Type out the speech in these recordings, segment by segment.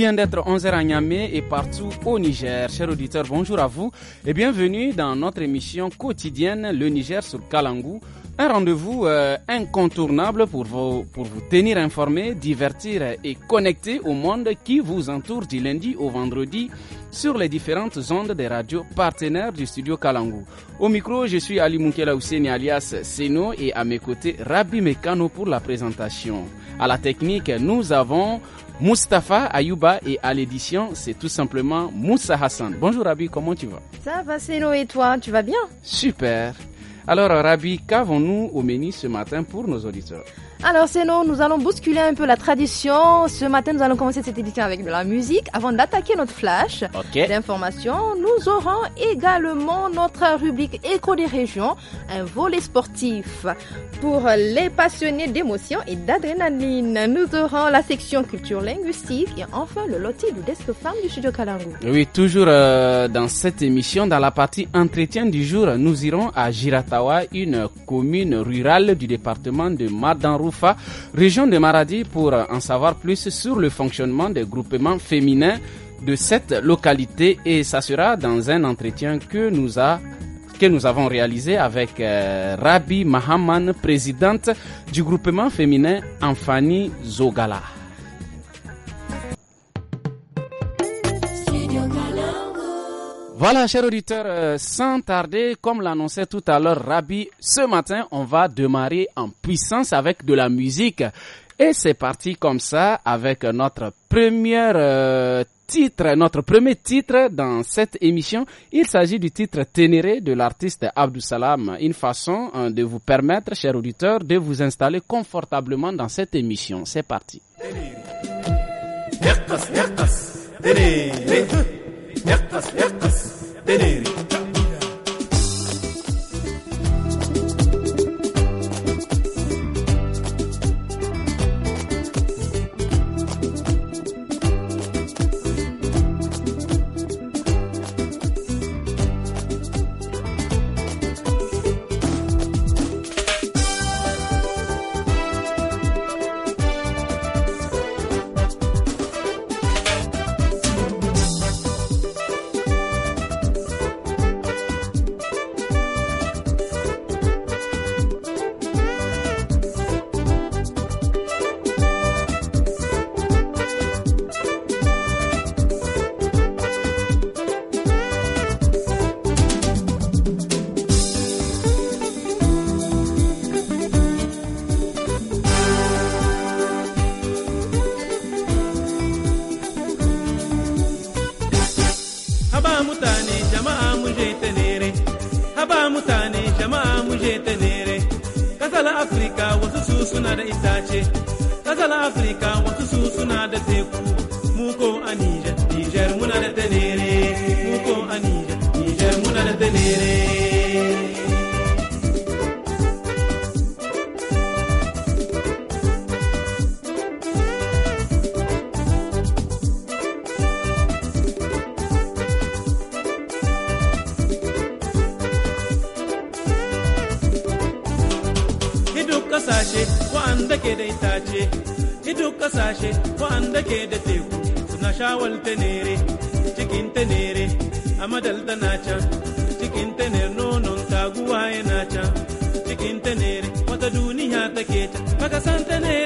vient d'être 11h à Niamey et partout au Niger. Chers auditeurs, bonjour à vous et bienvenue dans notre émission quotidienne Le Niger sur Kalangou. Un rendez-vous euh, incontournable pour vous, pour vous tenir informé, divertir et connecter au monde qui vous entoure du lundi au vendredi sur les différentes ondes des radios partenaires du studio Kalangu. Au micro, je suis Ali Moukela alias Seno et à mes côtés Rabi Mekano pour la présentation. À la technique, nous avons Mustapha Ayouba et à l'édition, c'est tout simplement Moussa Hassan. Bonjour Rabi, comment tu vas Ça va, nous et toi Tu vas bien Super. Alors Rabi, qu'avons-nous au menu ce matin pour nos auditeurs alors c'est nous allons bousculer un peu la tradition. Ce matin, nous allons commencer cette édition avec de la musique. Avant d'attaquer notre flash d'informations, nous aurons également notre rubrique Écho des régions, un volet sportif pour les passionnés d'émotion et d'adrénaline. Nous aurons la section culture linguistique et enfin le loti du desk femme du studio Kalangu. Oui, toujours euh, dans cette émission, dans la partie entretien du jour, nous irons à Giratawa, une commune rurale du département de Madanrou région de Maradi, pour en savoir plus sur le fonctionnement des groupements féminins de cette localité et ça sera dans un entretien que nous a que nous avons réalisé avec Rabbi euh, Rabi Mahaman, présidente du groupement féminin Anfani Zogala. Voilà, chers auditeurs, euh, sans tarder, comme l'annonçait tout à l'heure Rabi, ce matin, on va démarrer en puissance avec de la musique. Et c'est parti comme ça avec notre premier euh, titre, notre premier titre dans cette émission. Il s'agit du titre Ténéré de l'artiste Abdou Salam. Une façon hein, de vous permettre, chers auditeurs, de vous installer confortablement dans cette émission. C'est parti. يقص يقص دليري take da teku suna shawal tenere cikin tenere a madal tana can cikin tenere nonon taguwa yana ca cikin tenere wata duniya take ta baka san tenere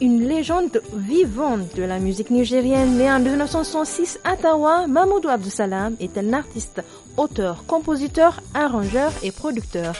une légende vivante de la musique nigérienne, née en 1966 à Tawa, Mahmoudou Salam est un artiste, auteur, compositeur, arrangeur et producteur.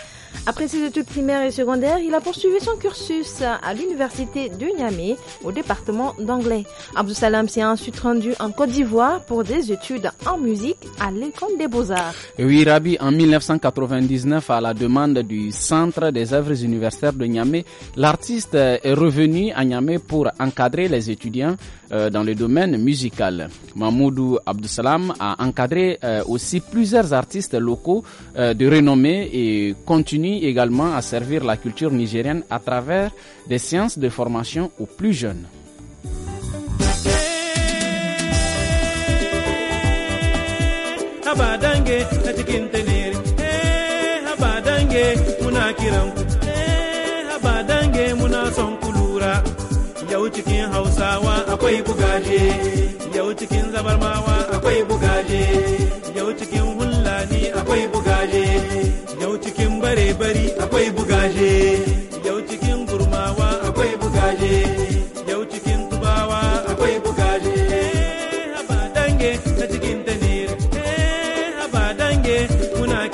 Après ses études primaires et secondaires, il a poursuivi son cursus à l'université de Niamey au département d'anglais. Abdou Salam s'est ensuite rendu en Côte d'Ivoire pour des études en musique à l'école des beaux-arts. Oui, Rabi, en 1999, à la demande du Centre des œuvres universitaires de Niamey, l'artiste est revenu à Niamey pour encadrer les étudiants euh, dans le domaine musical. Mahmoudou Abdussalam a encadré euh, aussi plusieurs artistes locaux euh, de renommée et continue également à servir la culture nigérienne à travers des sciences de formation aux plus jeunes. dange na cikin tenere eh habadange muna kiran ku eh habadange muna son ku lura yau cikin hausawa akwai bugaje yau cikin zabarmawa akwai bugaje yau cikin hullani akwai bugaje yau cikin bare bari akwai bugaje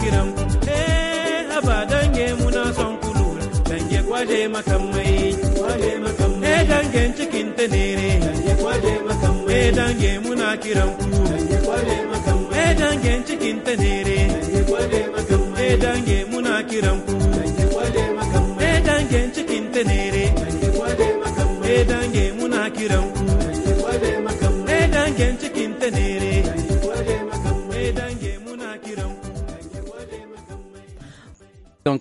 kiran eh haba dange muna son ku lura dange kwaje makamai kwaje makamai eh dangen cikin ta nere dange kwaje makamai eh dange muna kiran ku dange kwaje makamai eh dangen cikin ta nere dange kwaje makamai eh dange muna kiran ku dange kwaje makamai eh dangen cikin ta nere dange kwaje makamai eh dange muna kiran ku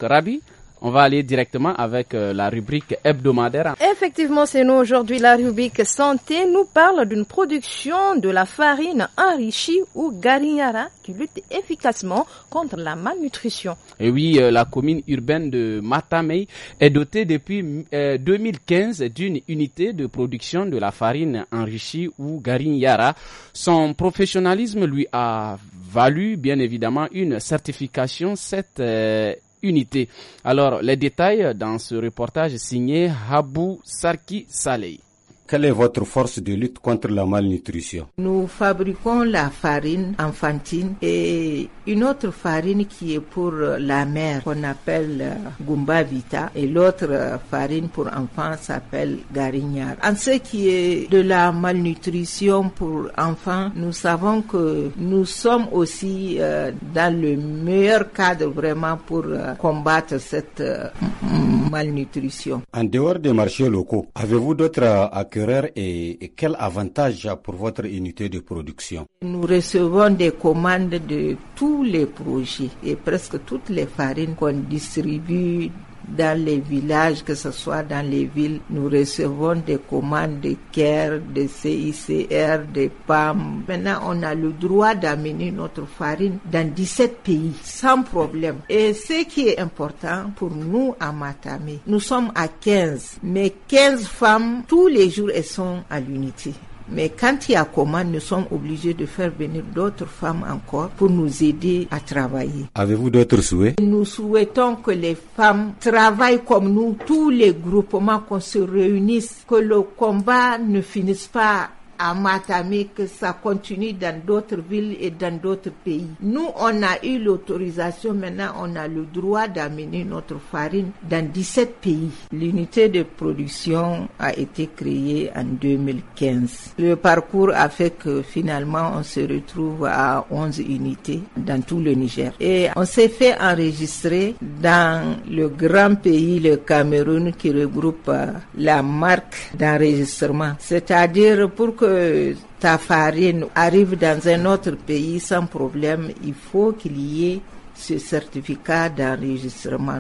Rabi, on va aller directement avec euh, la rubrique hebdomadaire. Effectivement, c'est nous aujourd'hui la rubrique santé nous parle d'une production de la farine enrichie ou garignara qui lutte efficacement contre la malnutrition. Et oui, euh, la commune urbaine de Matamei est dotée depuis 2015 euh, d'une unité de production de la farine enrichie ou garignara. Son professionnalisme lui a valu bien évidemment une certification cette unité. Alors, les détails dans ce reportage signé Habou Sarki Saleh. Quelle est votre force de lutte contre la malnutrition Nous fabriquons la farine enfantine et une autre farine qui est pour la mère qu'on appelle euh, Gumbavita Vita et l'autre euh, farine pour enfants s'appelle Garignard. En ce qui est de la malnutrition pour enfants, nous savons que nous sommes aussi euh, dans le meilleur cadre vraiment pour combattre cette malnutrition. En dehors des marchés locaux, avez-vous d'autres euh, acquéreurs et, quel avantage pour votre unité de production Nous recevons des commandes de tous les projets et presque toutes les farines qu'on distribue dans les villages, que ce soit dans les villes, nous recevons des commandes de CARE, de CICR, de PAM. Maintenant, on a le droit d'amener notre farine dans 17 pays sans problème. Et ce qui est important pour nous à Matamé, nous sommes à 15, mais 15 femmes tous les jours, elles sont à l'unité. Mais quand il y a commande, nous sommes obligés de faire venir d'autres femmes encore pour nous aider à travailler. Avez-vous d'autres souhaits Nous souhaitons que les femmes travaillent comme nous, tous les groupements, qu'on se réunisse, que le combat ne finisse pas à Matamé, que ça continue dans d'autres villes et dans d'autres pays. Nous, on a eu l'autorisation, maintenant on a le droit d'amener notre farine dans 17 pays. L'unité de production a été créée en 2015. Le parcours a fait que finalement on se retrouve à 11 unités dans tout le Niger. Et on s'est fait enregistrer dans le grand pays, le Cameroun, qui regroupe euh, la marque d'enregistrement. C'est-à-dire pour que ta farine arrive dans un autre pays sans problème, il faut qu'il y ait ce certificat d'enregistrement.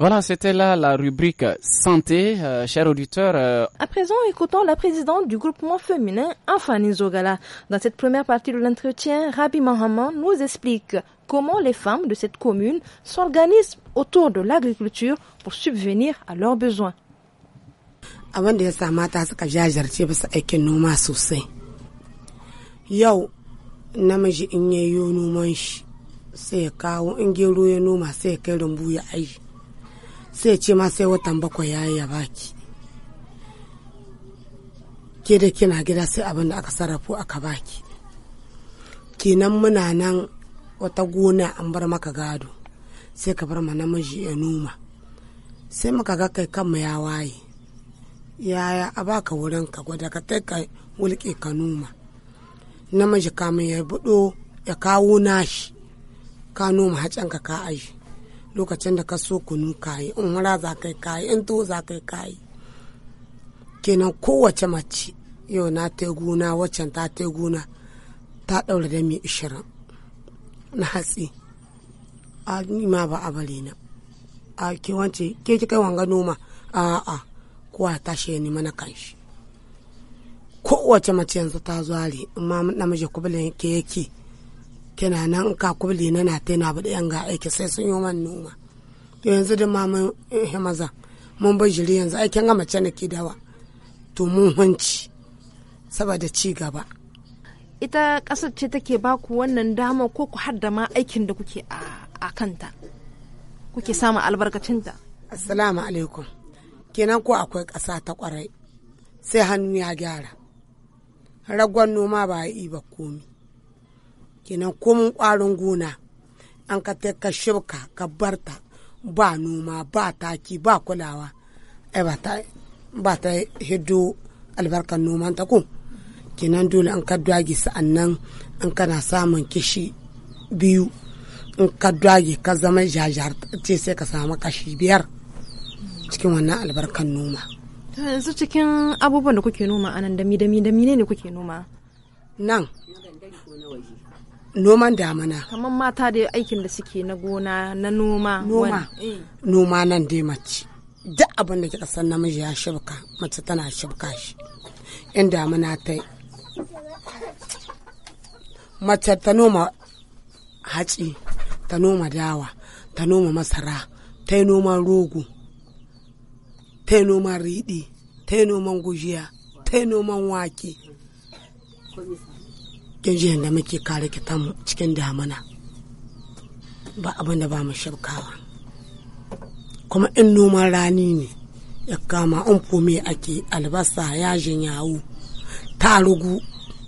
Voilà, c'était là la rubrique santé, cher euh, chers auditeurs. Euh, à présent, écoutons la présidente du groupement féminin Anfani Zogala. Dans cette première partie de l'entretien, Rabi Mohamed nous explique comment les femmes de cette commune s'organisent autour de l'agriculture pour subvenir à leurs besoins. abin da ya sa mata suka jajarce bisa aikin noma sosai yau namiji in ya yi noman shi sai ya kawo in gero ya noma sai ya kai rumbu ya ai sai ce ma sai watan bakwai ya yi ya baki ke da kina gida sai abin da aka sarrafo aka baki kenan muna nan wata gona an bar maka gado sai ka bar ma namiji ya noma sai muka ga kai kanmu ya waye yaya a baka wurin ka gwada ka kai ka wulke ka noma namiji kamun ya buɗo ya kawo nashi ka noma hacan ka ka aji lokacin da ka so kunu kayi in mura za kai kayi in to za kai kayi kenan kowace mace yau na ta guna waccan ta ta guna ta ɗaura da mai ishirin na hatsi a ma ba a bare na a ke wance ke kika kai wanga noma a a kowa ya tashi ya nima na kanshi kowace mace yanzu ta zuwa ne in ma namiji kubilin ke yake kina nan ka kubuli na na ta yana buɗe yan aiki sai sun yi man noma to yanzu da ma mun eh, maza mun bar jiri yanzu aikin ga mace na ke dawa to mun hunci saboda ci gaba ita ƙasar ce take baku wannan dama ko ku hadda ma aikin da kuke a kanta kuke samun albarkacinta assalamu alaikum kenan ko akwai ƙasa ta ƙwarai sai hannu ya gyara ragon noma ba yi ba komi kenan komin ƙwarin gona an ka ta ka shibka ka barta ba noma ba taki ba kulawa ai ba ta hiddo albarkar noman ta ko kenan dole an ka dwagi sa'annan an kana samun kishi biyu in ka dwage ka zama jajar ce sai ka samu kashi biyar cikin wannan albarkan noma yanzu cikin abubuwan da kuke noma anan dami dami dami ne ne kuke noma nan noman damana kamar mata da aikin da suke na gona na noma noma eh. noma nan dai mace duk abin da kika san namiji ya shibka mace tana shibka shi in damana ta yi mace ta noma hatsi ta noma dawa ta noma masara ta yi noman rogo ta yi noman riɗi ta yi noman gujiya ta yi noman wake yanzu yadda muke kare kitan cikin damana ba abinda ba mu kuma in noman rani ne ya kama an fome ake albasa yajin yawo ta rugu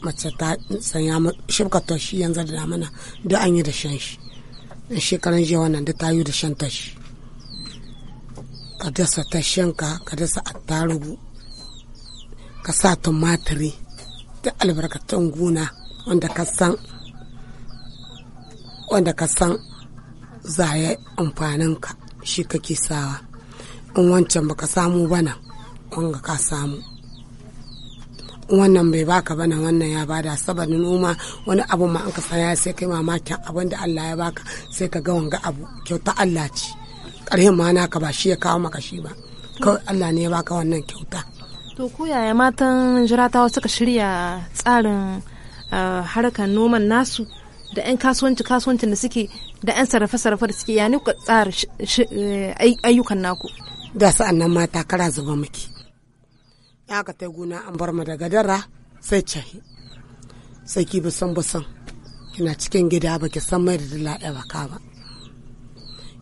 mace ta sanya shibka tashi yanzu da damana da an yi da shan shi shekaran jiya wannan da ta yi da shan tashi ka dasa tashanka ka dasa attarugu ka sa tumatiri da albarkatun gona wanda ka san wanda ka san amfaninka shi kake sawa in wancan baka samu bana wanga ka samu wannan bai baka bana wannan ya bada saboda noma wani abu ma an ka saya sai kai mamakin abin da Allah ya baka sai ka ga wanga abu kyauta Allah ce ƙarhin ma naka ba shi ya kawo maka shi ba kawai Allah ne ya baka wannan kyauta to ko yaya matan jiratawa suka shirya tsarin eh, harkar noman nasu da 'yan kasuwanci kasuwanci da suke da 'yan sarrafe-sarrafe da suke yani ka tsara eh, ayyukan naku da sa'an nan mata kara zuba miki ya ka ta gona an bar mu daga dara sai cahi sai ki bisan san kina cikin gida baki san mai da dala ɗaya ba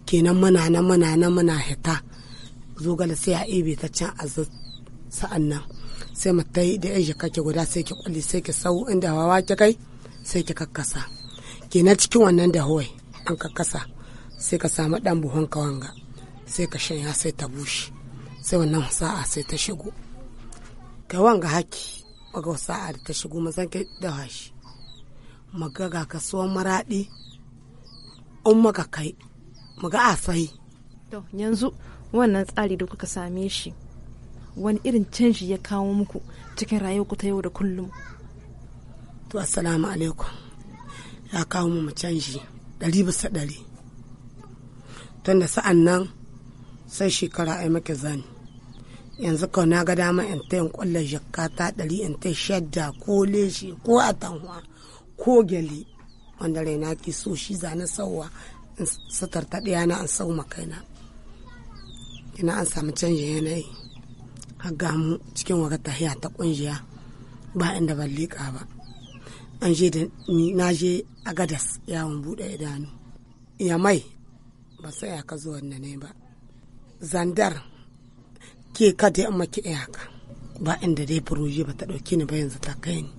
kenan muna nan muna nan muna hita zogale sai a ibe ta can a sa'an nan sai mata yi da yanzu kake guda sai ki kwalli sai ki sau inda hawa ki kai sai ki kakkasa kenan cikin wannan da hawai an kakkasa sai ka samu dan buhun kawanga sai ka shanya sai ta bushe sai wannan sa'a sai ta shigo Kai wanga haki maga sa'a da ta shigo mazan ka da shi maga ga kasuwan maradi umma ka kai mu ga asai to yanzu wannan tsari da kuka same shi wani irin canji ya kawo muku cikin rayuwarku ta yau da kullum to assalamu alaikum ya kawo mu canji ɗari bisa ɗari tunda sa'an nan sai shekara ai maki zani yanzu ka na ga dama in ta yin kwallon ta ɗari in ta shadda ko leshi ko atanwa ko gyale wanda raina ke so shi zane sauwa ɗaya na an sau makaina ina an samu canji yanayi a mu cikin waga tahiya ta kungiya ba inda ban liƙa ba an je da ni na je agadas yawon buɗe idanu ya mai ba sai ya ka zo wanne ne ba zandar ke ka dai amma ki ba inda dai furoji ba ta ɗauki ni ba yanzu ta kai ni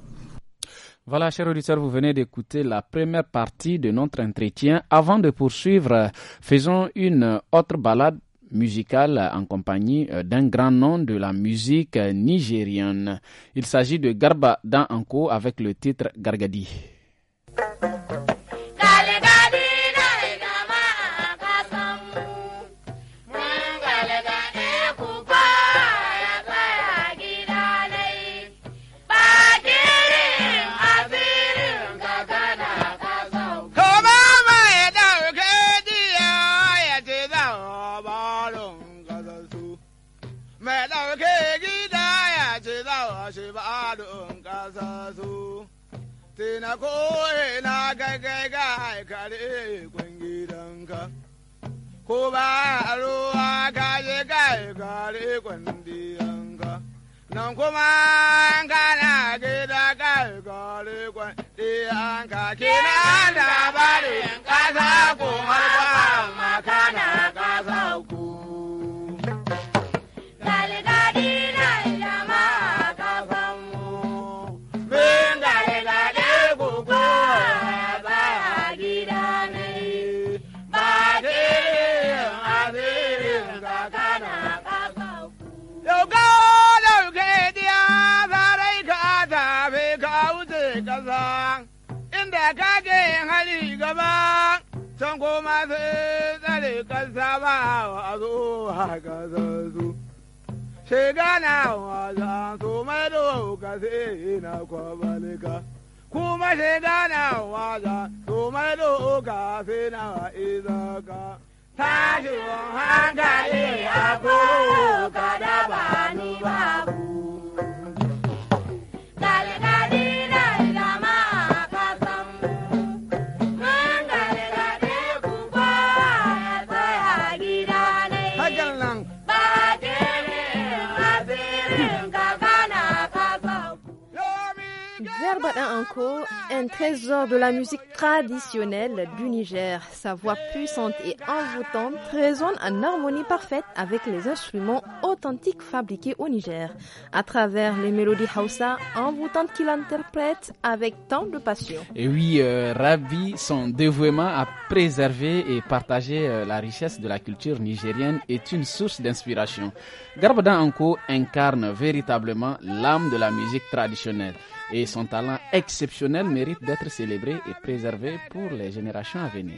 Voilà, chers auditeurs, vous venez d'écouter la première partie de notre entretien. Avant de poursuivre, faisons une autre balade musicale en compagnie euh, d'un grand nom de la musique nigérienne. Il s'agit de Garba Anko avec le titre Gargadi. Tina ko ina gagai gai kare gidanka. ko ba ro ka je gai kare kwandiyanka nan kuma kana gida gai kare kwandiyanka kina da bari kasa ka makana kasa zama can kuma sai tsare kansa ba a zo haka su. Shiga na wajen su mai doka sai na kwabalika. Kuma shiga na wajen su mai doka sai na izaka. Tashin hankali a kuka da bani babu. un trésor de la musique traditionnelle du Niger. Sa voix puissante et envoûtante résonne en harmonie parfaite avec les instruments authentiques fabriqués au Niger, à travers les mélodies Hausa envoûtantes qu'il interprète avec tant de passion. Et oui, euh, son dévouement à préserver et partager euh, la richesse de la culture nigérienne est une source d'inspiration. Garbada Anko incarne véritablement l'âme de la musique traditionnelle et son talent exceptionnel mérite d'être célébré et préservé pour les générations à venir.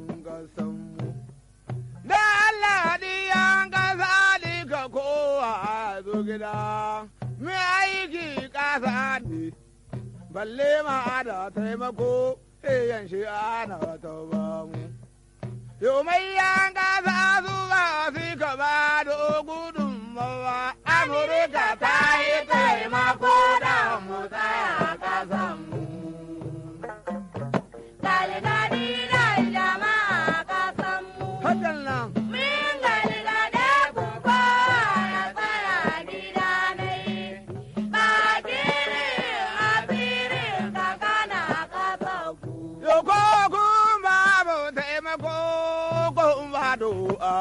Ladiyan ƙasa ka kowa zo gida, mai aiki ƙasa ne, balle ma da taimako, iyan shi ana tauba mu. Yomai yan ƙasa su ba su ka ba da gudunmawa, Amurka ta yi taimako da mu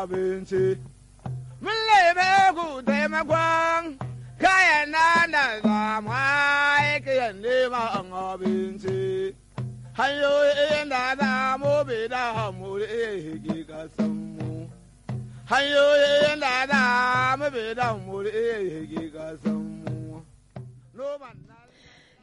abinci. Mun lebe ku taimakon kayan nan da zamu aikiyan neman abinci. Hanyoyin da za mu bi da hamuri hiki kasanmu. Hanyoyin da za mu da hamuri hiki kasanmu.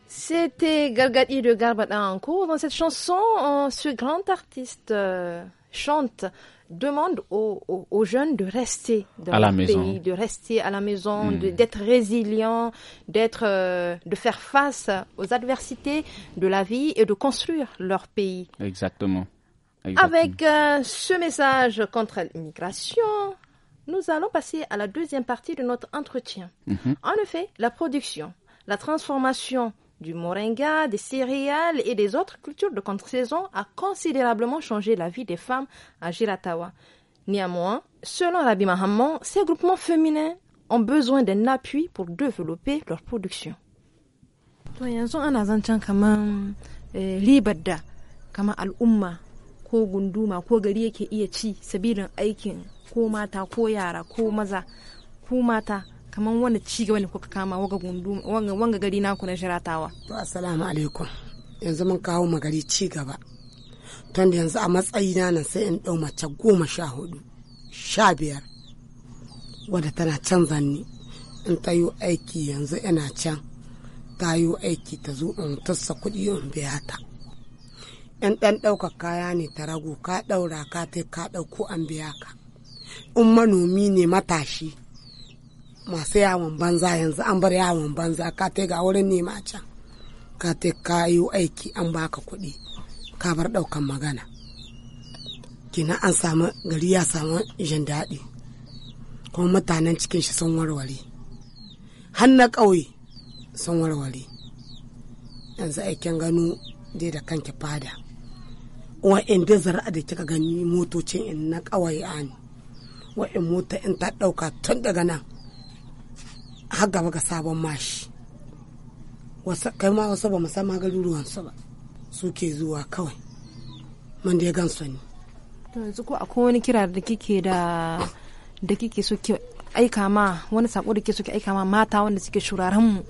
C'était Galgadi de Garbadanko. Dans cette chanson, hein, ce grand artiste euh, chante demande aux, aux, jeunes de rester dans leur pays, de rester à la maison, hmm. d'être résilients, d'être, euh, de faire face aux adversités de la vie et de construire leur pays. Exactement. Avec euh, ce message contre l'immigration, nous allons passer à la deuxième partie de notre entretien. Mhm. En effet, la production, la transformation du moringa, des céréales et des autres cultures de contre-saison a considérablement changé la vie des femmes à Giratawa. Néanmoins, selon Rabi Mahamman, ces groupements féminins ont besoin d'un appui pour développer leur production. kamar wani ci gaba ne kuka kama waga gundu wanga gari naku na shiratawa to assalamu alaikum yanzu mun kawo gari ci gaba tun da yanzu a matsayina nan sai in ɗau mace goma sha hudu sha biyar wadda tana can zanni in ta yi aiki yanzu ina can ta yi aiki ta zo in tassa kuɗi in biya ta yan ɗan ɗaukar kaya ne ta rago ka ɗaura ka ta ka ɗauko an biya ka in manomi ne matashi masu yawon banza yanzu an bar yawon banza ka ta ga wurin nema can ka ta ka yi aiki an baka kuɗi ka bar ɗaukan magana kina an samu gari ya samu jin daɗi kuma mutanen cikin shi sun warware har na ƙauye sun warware yanzu aikin gano dai da kanki fada wa in da zara da kika gani motocin in na ƙawaye ani in mota in ta ɗauka tun daga nan har gaba ga sabon mashi kai ma wasu ba musamman garuruwansu ba suke zuwa kawai man da ya su ne to yanzu ko akwai wani kira da kike da da kike so ki aika ma wani sako da kike so ki aika ma mata wanda suke shuraren mu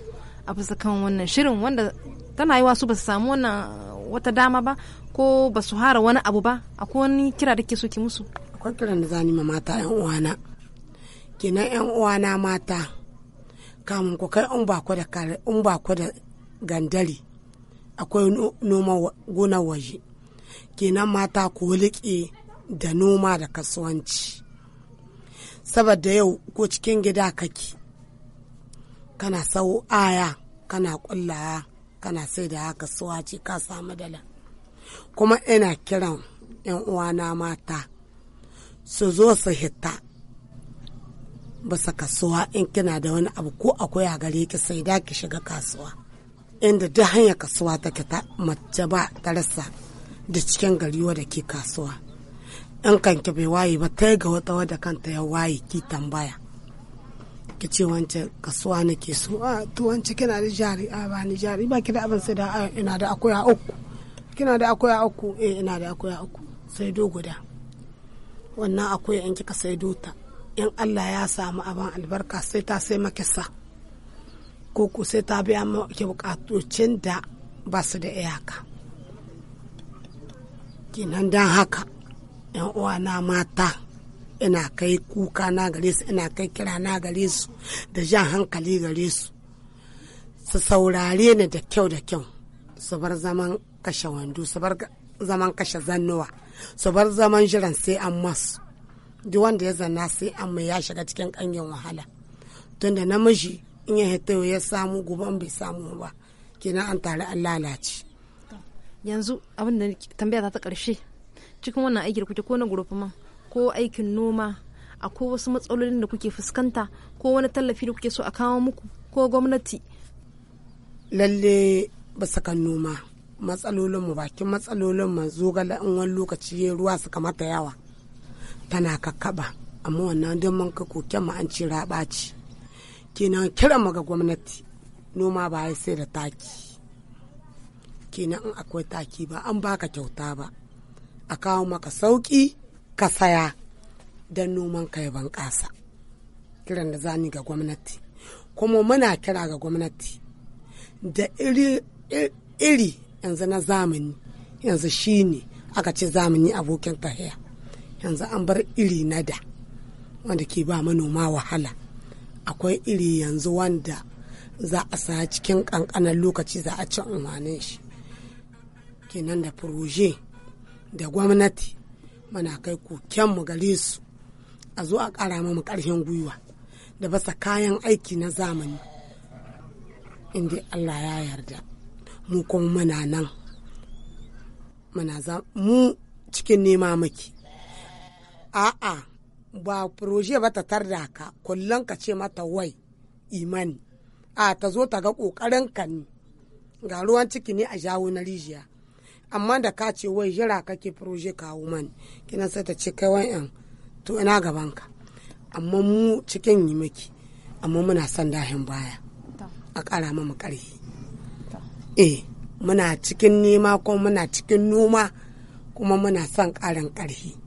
a bisa kan wannan shirin wanda tana yi wasu ba su samu wannan wata dama ba ko ba su hara wani abu ba akwai wani kira da kike so ki musu akwai kiran da zani ma mata yan uwana kenan yan uwana mata kamun ku kai in ba ku da kare in ba ku da gandari akwai noma gonar waje kenan mata ku liƙe da noma da kasuwanci saboda yau ko cikin gida kake kana sau aya kana kullaya kana sai da haka suwaci ka samu dala kuma ina kiran 'yan uwana mata su zo su hita basa kasuwa in kina da wani abu ko akwai a gare ki sai da ki shiga kasuwa inda duk hanya kasuwa ta ke ta mace ba ta rasa da cikin gari wadda ke kasuwa in kanki bai waye ba ta ga wata wadda kanta ya waye ki tambaya ki ce wancan kasuwa na ke so a ah, to wancan kina da jari a ah, ba ni jari ba ki da abin sai da ah, ina da akwai a uku kina da akwai a uku eh ina da akwai a uku sai do guda wannan akwai in kika sai do ta in allah ya samu abin albarka sai ta sai makisa ko ku sai ta biya maki bukatocin da ba su da iyaka kinan dan haka yan na mata ina kai kuka na gare su ina kai kira na gare su da jan hankali gare su su saurare ni da kyau da kyau su bar zaman kashe wando su bar zaman kashe zannuwa su bar zaman jiran sai an masu duk wanda ya zana sai amma ya shiga cikin kangen wahala tunda namiji in ya hita ya samu guban bai samu ba kenan an tare an lalace yanzu abin da tambaya ta karshe cikin wannan aikin kuke ko na gurfuma ko aikin noma akwai wasu matsalolin da kuke fuskanta ko wani tallafi da kuke so a kawo muku ko gwamnati lalle ba kan noma matsalolinmu bakin matsalolin mu zogala in wani lokaci ruwa su kamata yawa tana kakkaba amma wannan don man ka koken ma an ce raba ce kenan kiran ga gwamnati noma ba ya sai da taki kenan in akwai taki ba an baka kyauta ba a kawo maka sauƙi ka saya don noman ka ya bunƙasa kiran da zani ga gwamnati kuma muna kira ga gwamnati da iri iri yanzu na zamani yanzu shine aka ce zamani abokin tahiya yanzu an bar iri na da wanda ke ba manoma wahala akwai iri yanzu wanda za a sa cikin kankanan lokaci za a ci umarnin shi kenan da proje da gwamnati mana kai kokenmu gare su a zo a kara mu karshen gwiwa da basa kayan aiki na zamani inda allah ya yarda mu kuma muna nan mu cikin nema maki a'a ba proje ba ta tar da ka kullum ka ce mata wai imani a ta zo ta ga ƙoƙarin ka ne ga ruwan ciki ne a jawo na rijiya amma da ka ce wai jira kake proje kawo mani kina sai ta ce kai wa'yan to ina gaban ka amma mu cikin yi miki amma muna son dahin baya a ƙara mu ƙarfi eh muna cikin nema kuma muna cikin noma kuma muna son ƙarin ƙarfi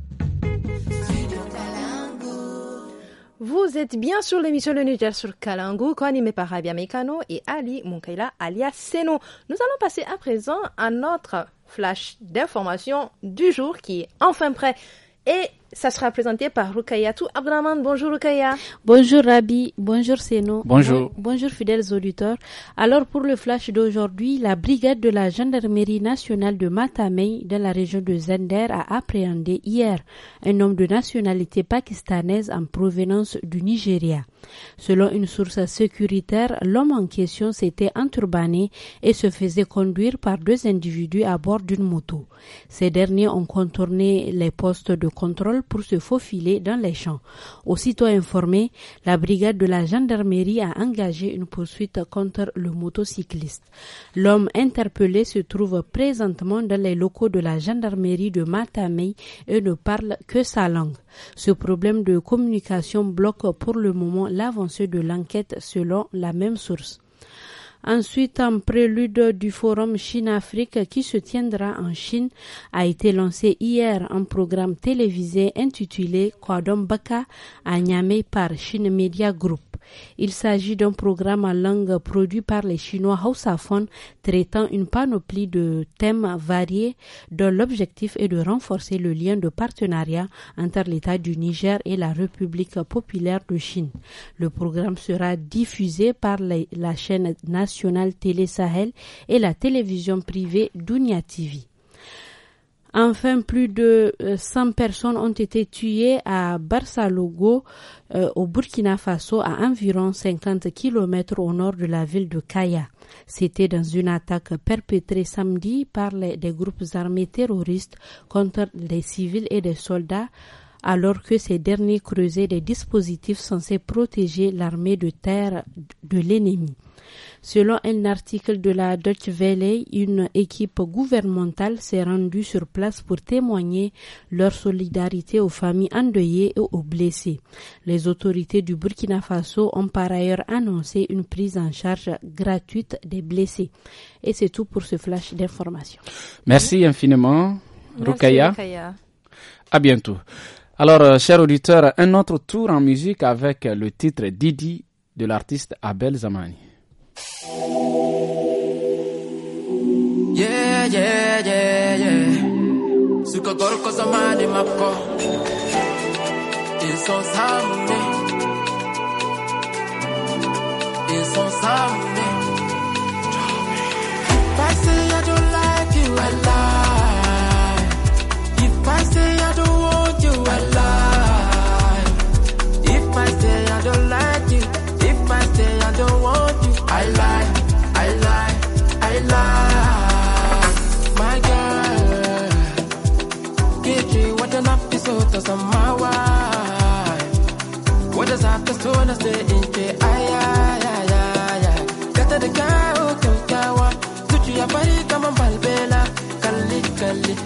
Vous êtes bien sur l'émission Le Niger sur Kalangu, co animé par Rabia Mekano et Ali Munkaila, alias Seno. Nous allons passer à présent à notre flash d'information du jour qui est enfin prêt. Et ça sera présenté par Rukayatou Abdraman. Bonjour Rukaya. Bonjour Rabi. Bonjour Seno. Bonjour. bonjour fidèles auditeurs. Alors pour le flash d'aujourd'hui, la brigade de la gendarmerie nationale de Matamey dans la région de Zender a appréhendé hier un homme de nationalité pakistanaise en provenance du Nigeria. Selon une source sécuritaire, l'homme en question s'était enturbané et se faisait conduire par deux individus à bord d'une moto. Ces derniers ont contourné les postes de contrôle pour se faufiler dans les champs. Aussitôt informée, la brigade de la gendarmerie a engagé une poursuite contre le motocycliste. L'homme interpellé se trouve présentement dans les locaux de la gendarmerie de Matamei et ne parle que sa langue. Ce problème de communication bloque pour le moment l'avancée de l'enquête selon la même source. Ensuite, un prélude du forum Chine-Afrique qui se tiendra en Chine a été lancé hier un programme télévisé intitulé Kwadombaka à par Chine Media Group. Il s'agit d'un programme en langue produit par les Chinois Hausafon traitant une panoplie de thèmes variés dont l'objectif est de renforcer le lien de partenariat entre l'État du Niger et la République populaire de Chine. Le programme sera diffusé par la chaîne nationale Télé Sahel et la télévision privée Dunia TV. Enfin, plus de 100 euh, personnes ont été tuées à Barsalogo, euh, au Burkina Faso, à environ 50 kilomètres au nord de la ville de Kaya. C'était dans une attaque perpétrée samedi par des groupes armés terroristes contre des civils et des soldats alors que ces derniers creusaient des dispositifs censés protéger l'armée de terre de l'ennemi. Selon un article de la Deutsche Welle, une équipe gouvernementale s'est rendue sur place pour témoigner leur solidarité aux familles endeuillées et aux blessés. Les autorités du Burkina Faso ont par ailleurs annoncé une prise en charge gratuite des blessés. Et c'est tout pour ce flash d'information. Merci infiniment, Rukaya. À bientôt. Alors, euh, chers auditeurs, un autre tour en musique avec le titre Didi de l'artiste Abel Zamani.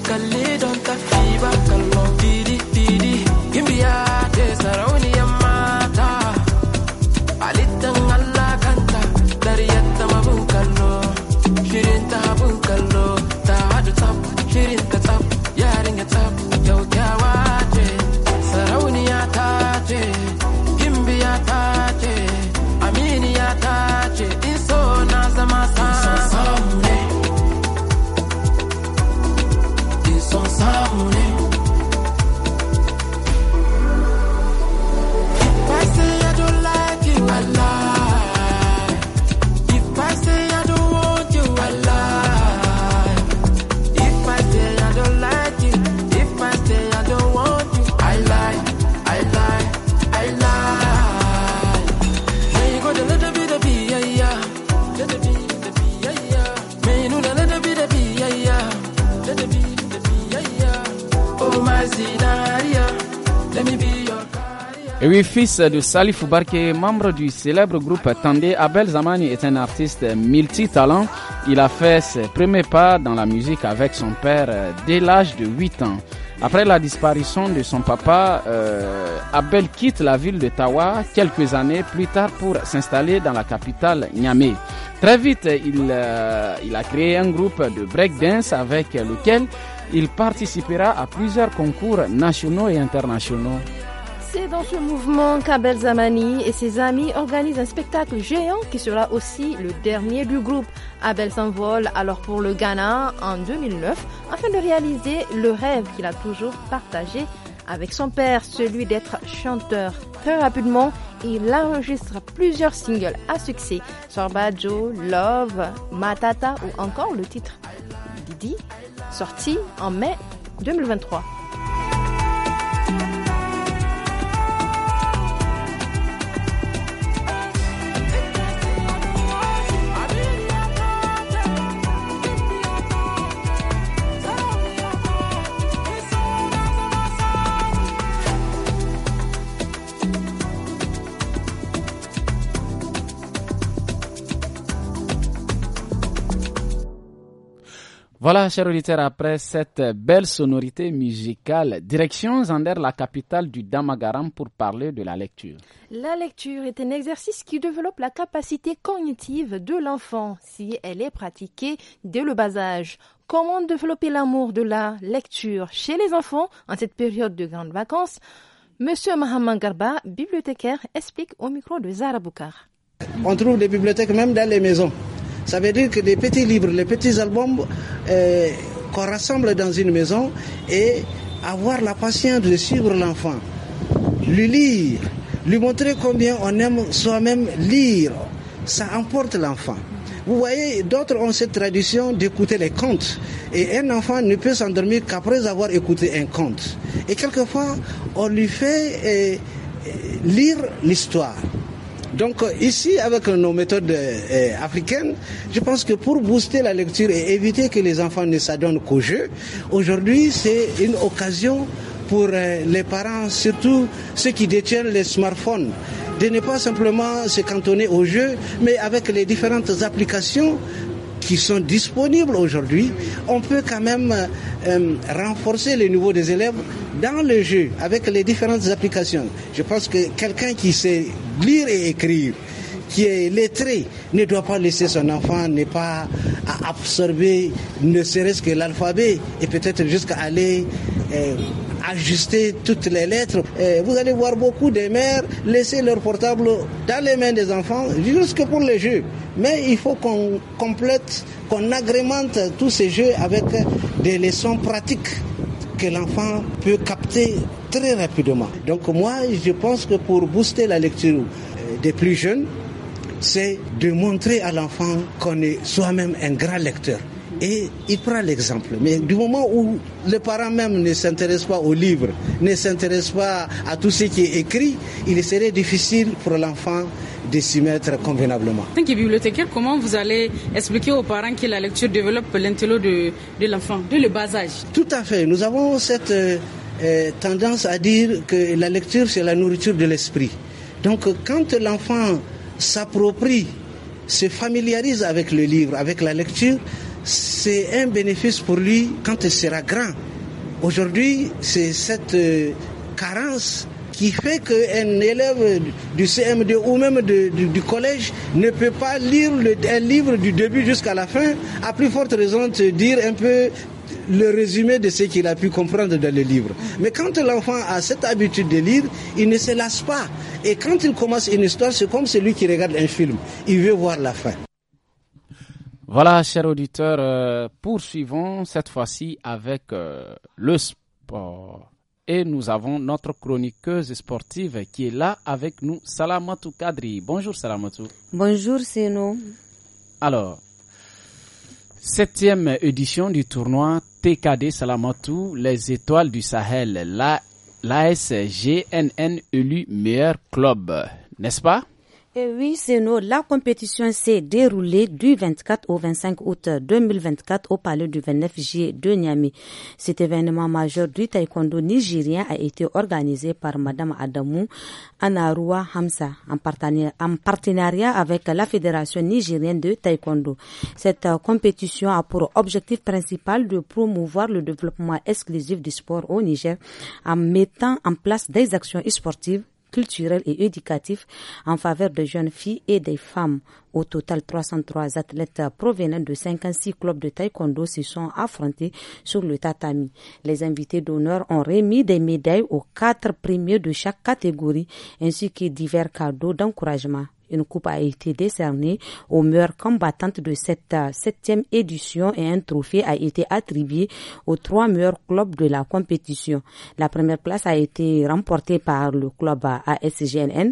kalli fils de Salif Barke, membre du célèbre groupe Tandé, Abel Zamani est un artiste multitalent. Il a fait ses premiers pas dans la musique avec son père euh, dès l'âge de 8 ans. Après la disparition de son papa, euh, Abel quitte la ville de Tawa quelques années plus tard pour s'installer dans la capitale Niamey. Très vite, il, euh, il a créé un groupe de breakdance avec lequel il participera à plusieurs concours nationaux et internationaux. C'est dans ce mouvement qu'Abel Zamani et ses amis organisent un spectacle géant qui sera aussi le dernier du groupe. Abel s'envole alors pour le Ghana en 2009 afin de réaliser le rêve qu'il a toujours partagé avec son père, celui d'être chanteur. Très rapidement, il enregistre plusieurs singles à succès, Sorbajo, Love, Matata ou encore le titre Didi, sorti en mai 2023. Voilà, chers auditeurs, après cette belle sonorité musicale, direction Zander, la capitale du Damagaram, pour parler de la lecture. La lecture est un exercice qui développe la capacité cognitive de l'enfant si elle est pratiquée dès le bas âge. Comment développer l'amour de la lecture chez les enfants en cette période de grandes vacances Monsieur Mahamangarba, Garba, bibliothécaire, explique au micro de Zara Boukar. On trouve des bibliothèques même dans les maisons. Ça veut dire que les petits livres, les petits albums euh, qu'on rassemble dans une maison et avoir la patience de suivre l'enfant, lui lire, lui montrer combien on aime soi-même lire, ça emporte l'enfant. Vous voyez, d'autres ont cette tradition d'écouter les contes. Et un enfant ne peut s'endormir qu'après avoir écouté un conte. Et quelquefois, on lui fait euh, euh, lire l'histoire. Donc euh, ici, avec nos méthodes euh, euh, africaines, je pense que pour booster la lecture et éviter que les enfants ne s'adonnent qu'au jeu, aujourd'hui c'est une occasion pour les parents, surtout ceux qui détiennent les smartphones, de ne pas simplement se cantonner au jeu, mais avec les différentes applications qui sont disponibles aujourd'hui, on peut quand même euh, euh, renforcer le niveau des élèves dans le jeu avec les différentes applications. Je pense que quelqu'un qui sait lire et écrire, qui est lettré ne doit pas laisser son enfant n'est pas absorber ne serait-ce que l'alphabet et peut-être jusqu'à aller euh, ajuster toutes les lettres. vous allez voir beaucoup de mères laisser leur portable dans les mains des enfants, jusque pour les jeux. Mais il faut qu'on complète, qu'on agrémente tous ces jeux avec des leçons pratiques que l'enfant peut capter très rapidement. Donc moi, je pense que pour booster la lecture euh, des plus jeunes, c'est de montrer à l'enfant qu'on est soi-même un grand lecteur. Et il prend l'exemple. Mais du moment où le parent même ne s'intéresse pas au livre, ne s'intéresse pas à tout ce qui est écrit, il serait difficile pour l'enfant de s'y mettre convenablement. En tant que bibliothécaire, comment vous allez expliquer aux parents que la lecture développe l'intello de, de l'enfant, de le bas âge Tout à fait. Nous avons cette euh, euh, tendance à dire que la lecture, c'est la nourriture de l'esprit. Donc quand l'enfant s'approprie, se familiarise avec le livre, avec la lecture, c'est un bénéfice pour lui quand il sera grand. Aujourd'hui, c'est cette euh, carence qui fait qu'un élève du CM2 ou même du, collège ne peut pas lire le, un livre du début jusqu'à la fin, à plus forte raison de dire un peu le résumé de ce qu'il a pu comprendre dans le livre. Mais quand l'enfant a cette habitude de lire, il ne se lasse pas. Et quand il commence une histoire, c'est comme celui qui regarde un film. Il veut voir la fin. Voilà, chers auditeurs, euh, poursuivons cette fois-ci avec euh, le sport. Et nous avons notre chroniqueuse sportive qui est là avec nous, Salamatou Kadri. Bonjour Salamatou. Bonjour nous. Alors, septième édition du tournoi TKD Salamatou, les étoiles du Sahel, l'ASGNN élu meilleur club, n'est-ce pas oui, c'est nous. La compétition s'est déroulée du 24 au 25 août 2024 au palais du 29 juillet de Niamey. Cet événement majeur du taekwondo nigérien a été organisé par Madame Adamou Anarua Hamza en partenariat, en partenariat avec la Fédération nigérienne de taekwondo. Cette compétition a pour objectif principal de promouvoir le développement exclusif du sport au Niger en mettant en place des actions sportives culturel et éducatif en faveur de jeunes filles et des femmes. Au total, 303 athlètes provenant de 56 clubs de taekwondo se sont affrontés sur le tatami. Les invités d'honneur ont remis des médailles aux quatre premiers de chaque catégorie ainsi que divers cadeaux d'encouragement une coupe a été décernée aux meilleures combattantes de cette euh, septième édition et un trophée a été attribué aux trois meilleurs clubs de la compétition. La première place a été remportée par le club ASGNN,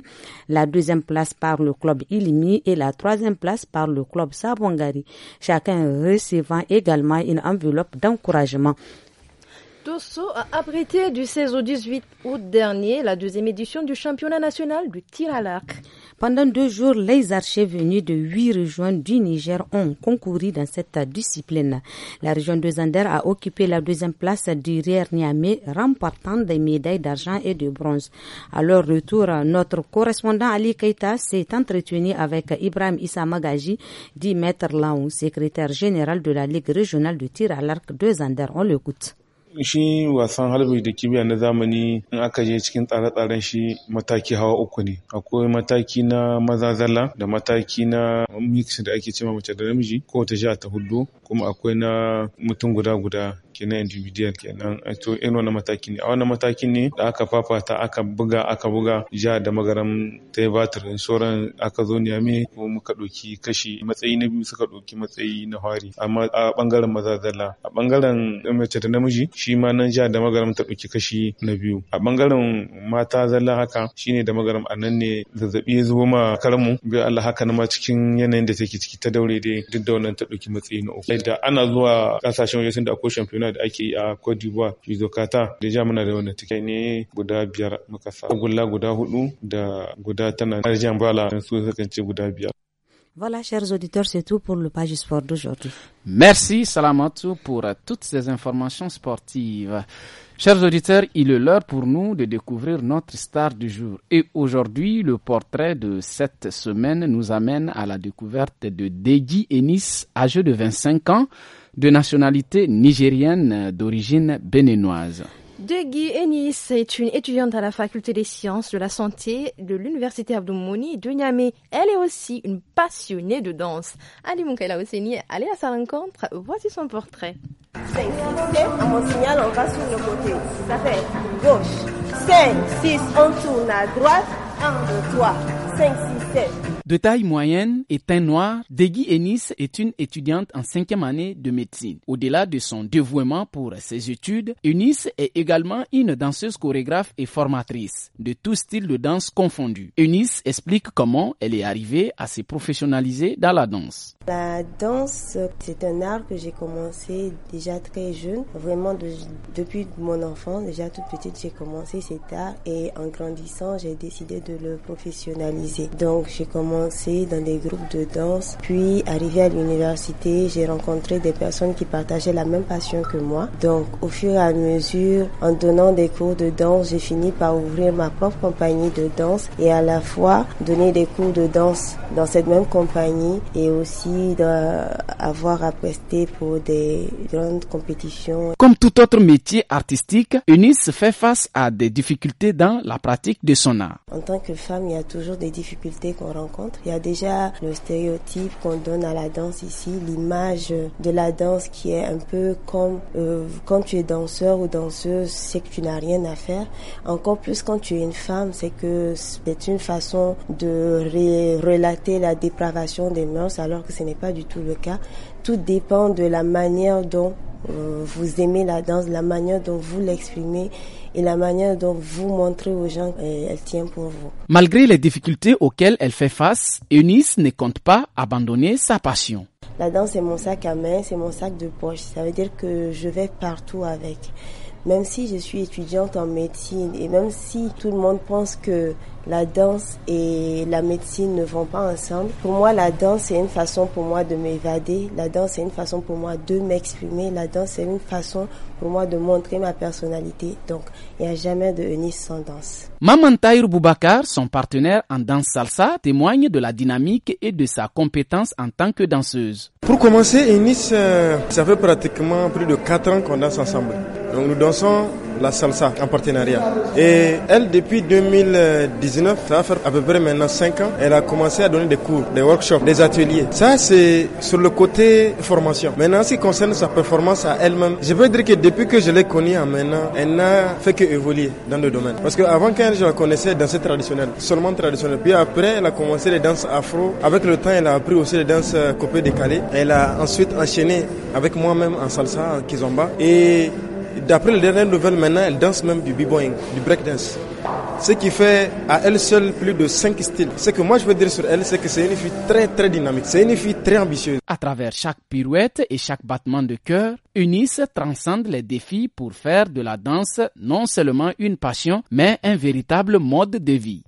la deuxième place par le club Ilimi et la troisième place par le club Sabongari, chacun recevant également une enveloppe d'encouragement. Tosso a abrité du 16 au 18 août dernier la deuxième édition du championnat national du tir à l'arc. Pendant deux jours, les archers venus de huit régions du Niger ont concouru dans cette discipline. La région de Zander a occupé la deuxième place derrière Niamey, remportant des médailles d'argent et de bronze. À leur retour, notre correspondant Ali Keita s'est entretenu avec Ibrahim Issa Magaji, dit Maître Laon, secrétaire général de la Ligue régionale de tir à l'arc de Zander. On l'écoute. shi wasan halbi da kibiya na zamani in aka je cikin tsare-tsaren shi mataki hawa uku ne akwai mataki na mazazala da mataki na mix da ake cewa mace da namiji ko ta sha ta hudu kuma akwai na mutum guda guda kenan individual kenan to irin wannan matakin ne a wani matakin ne da aka fafata aka buga aka buga ja da magaram ta yi batir sauran aka zo niyame ko muka ɗauki kashi matsayi na biyu suka ɗauki matsayi na hari amma a ɓangaren maza zalla a ɓangaren mace da namiji shi ma nan ja da magaram ta ɗauki kashi na biyu a ɓangaren mata zalla haka shine da magaram a nan ne zazzabi ya zo ma karamu biyu Allah haka ma cikin yanayin da take ciki ta daure dai duk da wannan ta ɗauki matsayi na uku da ana zuwa ƙasashen waje sun da akwai Voilà, chers auditeurs, c'est tout pour le page sport d'aujourd'hui. Merci, Salamatou, pour euh, toutes ces informations sportives. Chers auditeurs, il est l'heure pour nous de découvrir notre star du jour. Et aujourd'hui, le portrait de cette semaine nous amène à la découverte de Deji Ennis, âgé de 25 ans de nationalité nigérienne d'origine béninoise. Degui Enis est une étudiante à la faculté des sciences de la santé de l'université Abdoumouni de Niamey. Elle est aussi une passionnée de danse. Ali Moukela Ouseni à sa rencontre. Voici son portrait. 7, à mon signal, on va sur le côté. Ça fait gauche. 5, 6, on tourne à droite. 1, 2, 3, 5, 6, 7. De taille moyenne et teint noir, Degui Ennis est une étudiante en cinquième année de médecine. Au-delà de son dévouement pour ses études, Ennis est également une danseuse chorégraphe et formatrice, de tout style de danse confondu. Ennis explique comment elle est arrivée à se professionnaliser dans la danse. La danse, c'est un art que j'ai commencé déjà très jeune, vraiment depuis mon enfance, déjà toute petite, j'ai commencé cet art et en grandissant, j'ai décidé de le professionnaliser. Donc j'ai commencé dans des groupes de danse. Puis, arrivé à l'université, j'ai rencontré des personnes qui partageaient la même passion que moi. Donc, au fur et à mesure, en donnant des cours de danse, j'ai fini par ouvrir ma propre compagnie de danse et à la fois donner des cours de danse dans cette même compagnie et aussi euh, avoir à prester pour des grandes compétitions. Comme tout autre métier artistique, Eunice fait face à des difficultés dans la pratique de son art. En tant que femme, il y a toujours des difficultés qu'on rencontre il y a déjà le stéréotype qu'on donne à la danse ici, l'image de la danse qui est un peu comme euh, quand tu es danseur ou danseuse, c'est que tu n'as rien à faire. Encore plus quand tu es une femme, c'est que c'est une façon de relater la dépravation des mœurs alors que ce n'est pas du tout le cas. Tout dépend de la manière dont euh, vous aimez la danse, la manière dont vous l'exprimez et la manière dont vous montrez aux gens, qu'elle euh, tient pour vous. Malgré les difficultés auxquelles elle fait face, Eunice ne compte pas abandonner sa passion. La danse, est mon sac à main, c'est mon sac de poche. Ça veut dire que je vais partout avec. Même si je suis étudiante en médecine et même si tout le monde pense que la danse et la médecine ne vont pas ensemble. Pour moi, la danse est une façon pour moi de m'évader. La danse est une façon pour moi de m'exprimer. La danse est une façon pour moi de montrer ma personnalité. Donc, il n'y a jamais de unis sans danse. Maman Tahir Boubacar, son partenaire en danse salsa, témoigne de la dynamique et de sa compétence en tant que danseuse. Pour commencer, Eunice, euh, ça fait pratiquement plus de 4 ans qu'on danse ensemble. Donc nous dansons la salsa en partenariat. Et elle, depuis 2019, ça va faire à peu près maintenant 5 ans, elle a commencé à donner des cours, des workshops, des ateliers. Ça, c'est sur le côté formation. Maintenant, qui concerne sa performance à elle-même, je peux dire que depuis que je l'ai connue maintenant, elle n'a fait que évoluer dans le domaine. Parce qu'avant, qu'elle je la connaissais, danser traditionnelle, seulement traditionnel. Puis après, elle a commencé les danses afro. Avec le temps, elle a appris aussi les danses euh, copées décalées. Elle a ensuite enchaîné avec moi-même en salsa, en kizomba. Et D'après les dernières nouvelles, maintenant, elle danse même du b-boying, du breakdance. Ce qui fait à elle seule plus de 5 styles. Ce que moi je veux dire sur elle, c'est que c'est une fille très très dynamique, c'est une fille très ambitieuse. À travers chaque pirouette et chaque battement de cœur, Eunice transcende les défis pour faire de la danse non seulement une passion, mais un véritable mode de vie.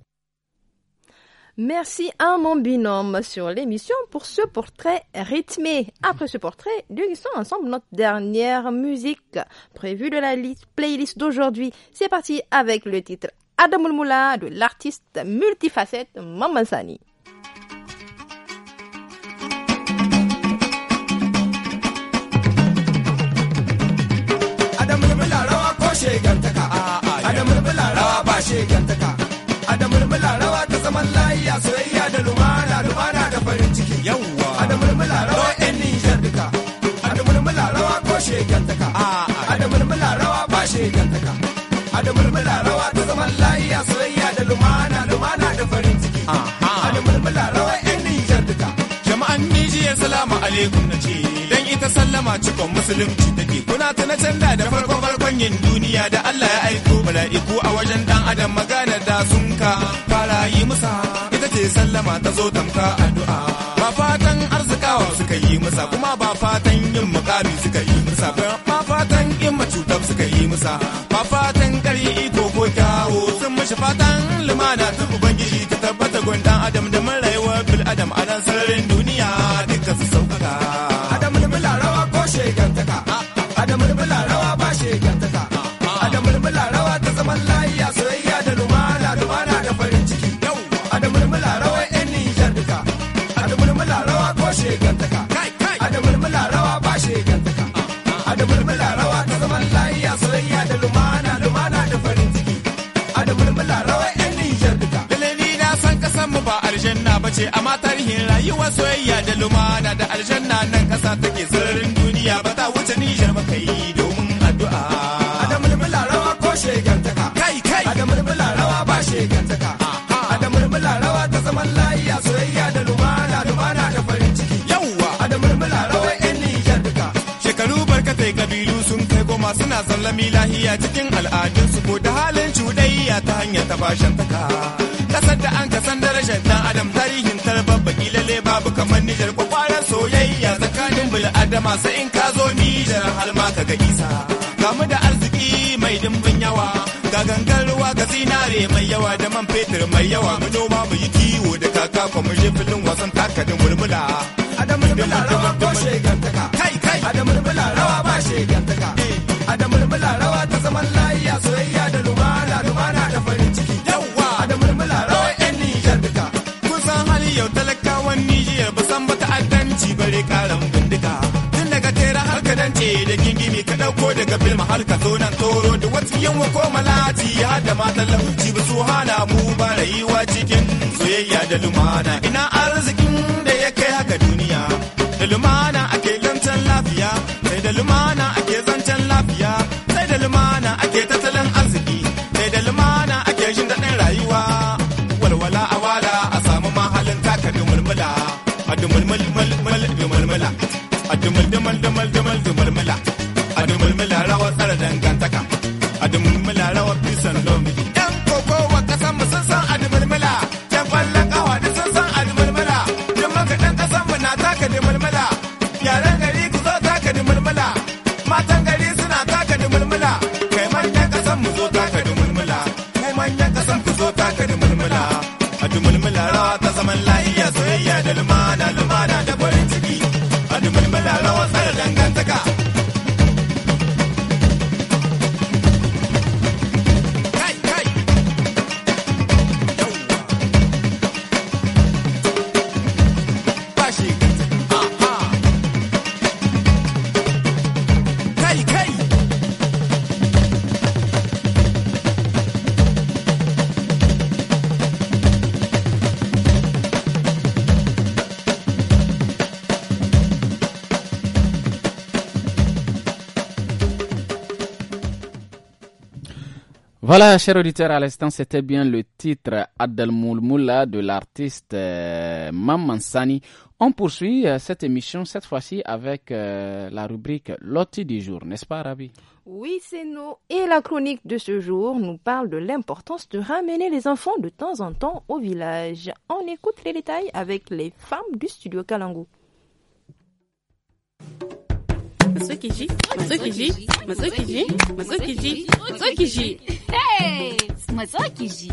Merci à mon binôme sur l'émission pour ce portrait rythmé. Après ce portrait, nous sommes ensemble notre dernière musique prévue de la playlist d'aujourd'hui. C'est parti avec le titre Adam de l'artiste multifacette Mamansani. Adam zaman layya soyayya da lumana lumana da farin ciki yawwa a da mulmula rawa yan nijar duka a da mulmula rawa ko shegantaka a da mulmula rawa ba shegantaka a da mulmula rawa ta zaman layya soyayya da lumana lumana da farin ciki a da mulmula rawa yan nijar duka jama'an nijiya salamu alaikum na ce ita sallama cikon musulunci take kuna ta na canza da farkon farkon yin duniya da Allah ya aiko mala'iku a wajen dan adam magana da sun fara yi musa ita ce sallama ta zo tamka addu'a ba fatan arzikawa suka yi musa kuma ba fatan yin mukami suka yi musa ba fatan in macutar suka yi musa ba fatan kari iko ko kyawo sun mashi fatan lumana ta ubangiji ta tabbata gwandan adam da mun rayuwar bil adam a nan sararin duniya soyayya da lumana da aljanna nan kasa take sararin duniya ba ta wuce nijar ba kai yi domin addu'a. adam mulmula rawa ko shegantaka. Kai kai. adam mulmula rawa ba shegantaka. A da mulmula rawa ta zaman layya soyayya da lumana lumana da farin ciki. Yawwa. adam mulmula rawa in nijar duka. Shekaru barkatai kabilu sun kai goma suna zallami lahiya cikin al'adunsu ko da halin cuɗayya ta hanyar taka. kasar da an kasan san rashin dan adam tarihin tarbar baki lalle babu kamar nijar kwakwaran soyayya tsakanin bil'adama sai in ka zo nijar har ma ka ga isa gamu da arziki mai dimbin yawa ga gangan ruwa ga zinare mai yawa da man fetur mai yawa mu noma mu yi kiwo da kaka mu filin wasan takadin mulmula adam da rawa rawar gantaka daga filma har ka zo nan toro da wata yanwa ko malati har da matan lahuci ba su hana mu ba rayuwa cikin soyayya da lumana ina arzikin da ya kai haka duniya da lumana ake zancen lafiya sai da lumana ake zancen lafiya sai da lumana ake tattalin arziki sai da lumana ake jin daɗin rayuwa walwala a wala a samu mahalin taka da mulmula a dumulmul mulmul da mulmula a dumul dumul dumul dumul da mulmula Voilà, chers auditeurs, à l'instant, c'était bien le titre Adel Moulmoula de l'artiste euh, Mamansani. On poursuit euh, cette émission, cette fois-ci, avec euh, la rubrique Loti du jour, n'est-ce pas, Rabi Oui, c'est nous. Et la chronique de ce jour nous parle de l'importance de ramener les enfants de temps en temps au village. On écoute les détails avec les femmes du studio Kalango. matsukiji matsukiji matsukiji matsukiji matsukiji matsukiji